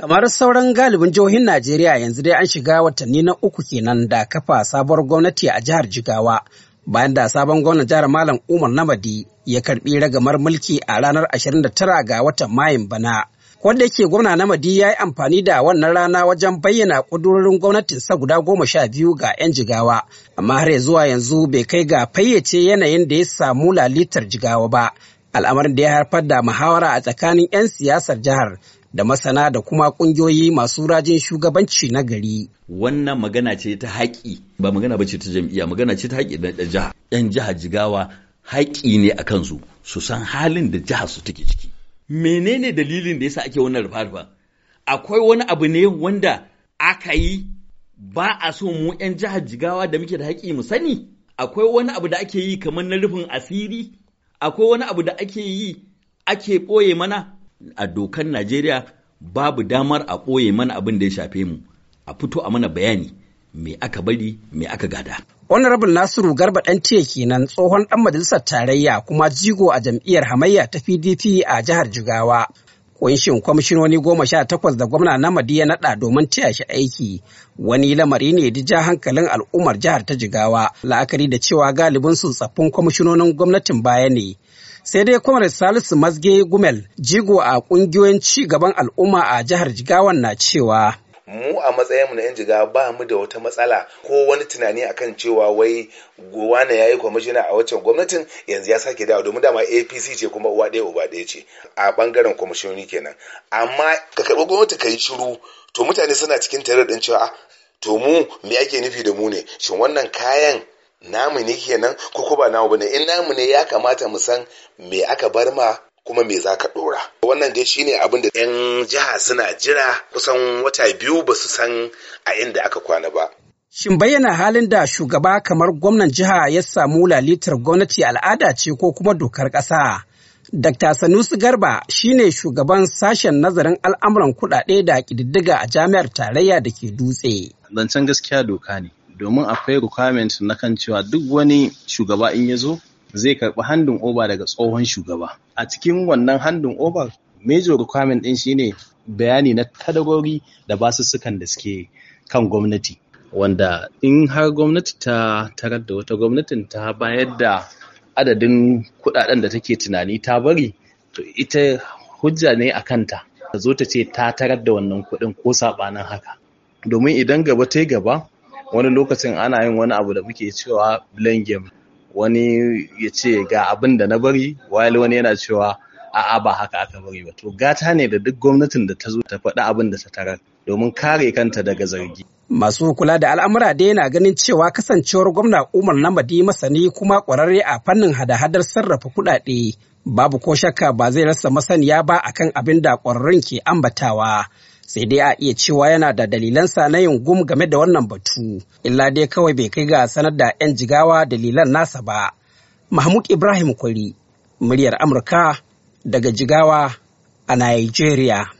Kamar sauran galibin jihohin Najeriya yanzu dai an shiga watanni na uku kenan da kafa sabuwar gwamnati a jihar Jigawa bayan da sabon gwamnan jihar Malam Umar Namadi ya karbi ragamar mulki a ranar 29 ga watan Mayin bana. Wanda yake gwamna Namadi ya yi amfani da wannan rana wajen bayyana gwamnatin sa guda goma sha biyu ga 'yan jigawa, amma har zuwa yanzu bai kai ga fayyace yanayin da ya samu lalitar jigawa ba, al'amarin da ya haifar da muhawara a tsakanin 'yan siyasar jihar da masana da kuma kungiyoyi masu rajin shugabanci na gari. Wannan magana ce ta haƙi ba magana ba ce ta jam'iyya magana ce ta haƙi na jiha. 'Yan jiha Jigawa haƙi ne a kansu su san halin da jiha su take ciki. Menene dalilin da yasa ake wannan rufa-rufa? Akwai wani abu ne wanda aka yi ba a so mu 'yan jihar Jigawa da muke da haƙi mu sani? Akwai wani abu da ake yi kamar na rufin asiri? Akwai wani abu da ake yi ake ɓoye mana? a dokar Najeriya babu damar a ɓoye mana abin da ya shafe mu a fito a mana bayani me aka bari me aka gada. Honorable Nasiru Garba ɗan tiye kenan tsohon ɗan majalisar tarayya kuma jigo a jam'iyyar hamayya ta PDP a jihar Jigawa. Kunshin kwamishinoni goma sha takwas da gwamna na ya naɗa domin taya shi aiki wani lamari ne da ja hankalin al'ummar jihar ta Jigawa la'akari da cewa galibin su tsaffin kwamishinonin gwamnatin baya ne. Sai dai kwamar Salisu Mazge Gumel jigo a kungiyoyin ci gaban al'umma a jihar Jigawan na cewa mu a matsayinmu na 'yan jiga ba mu da wata matsala ko wani tunani akan cewa wai gowa ya yi kwamishina a waccan gwamnatin yanzu ya sake dawo domin dama apc ce kuma uwa ɗaya uba ɗaya ce a bangaren kwamishini kenan amma ka karɓi gwamnati ka yi shiru to mutane suna cikin tare din cewa ah, to mu me ake nufi da mu ne shin wannan kayan namu ne kenan ko ko ba namu bane in namu ne ya kamata mu san me aka bar ma kuma me za ka dora wannan dai shine abin da 'yan jiha suna jira kusan wata biyu ba su san a inda aka kwana ba Shin bayyana halin da shugaba kamar gwamnan jiha ya samu lalitar gwamnati al'ada ce ko kuma dokar ƙasa? Dr. Sanusi Garba shine shugaban sashen nazarin al'amuran kuɗaɗe da ƙididdiga a jami'ar tarayya da ke dutse. Zancen gaskiya doka ne. domin akwai requirement na kan cewa duk wani shugaba in ya zo zai karɓi handin Oba daga tsohon shugaba a cikin wannan handin Oba, major requirement din shine bayani na kadarori da basussukan da suke kan gwamnati wanda in har gwamnati ta tarar da wata gwamnatin ta bayar da adadin kudaden da take tunani ta bari to ita hujja ne a kanta ta zo ta ce ta tarar da wannan kudin ko saɓanin haka domin idan gaba ta yi gaba wani lokacin ana yin wani abu da muke cewa blame game wani ya ce ga abin da na bari while wani yana cewa a'a ba haka aka bari ba to gata ne da duk gwamnatin da ta zo ta faɗi abin da ta tarar domin kare kanta daga zargi masu kula da al'amura da yana ganin cewa kasancewar gwamna umar na Madi masani kuma kwararre a fannin hada-hadar sarrafa kuɗaɗe babu ko shakka ba zai rasa masaniya ba akan abin da ƙwararrun ke ambatawa sai dai a iya cewa yana da dalilansa na yin gum game da wannan batu illa dai kawai bai kai ga sanar da 'yan jigawa dalilan nasa ba mahmud ibrahim kwari muryar amurka daga jigawa a nigeria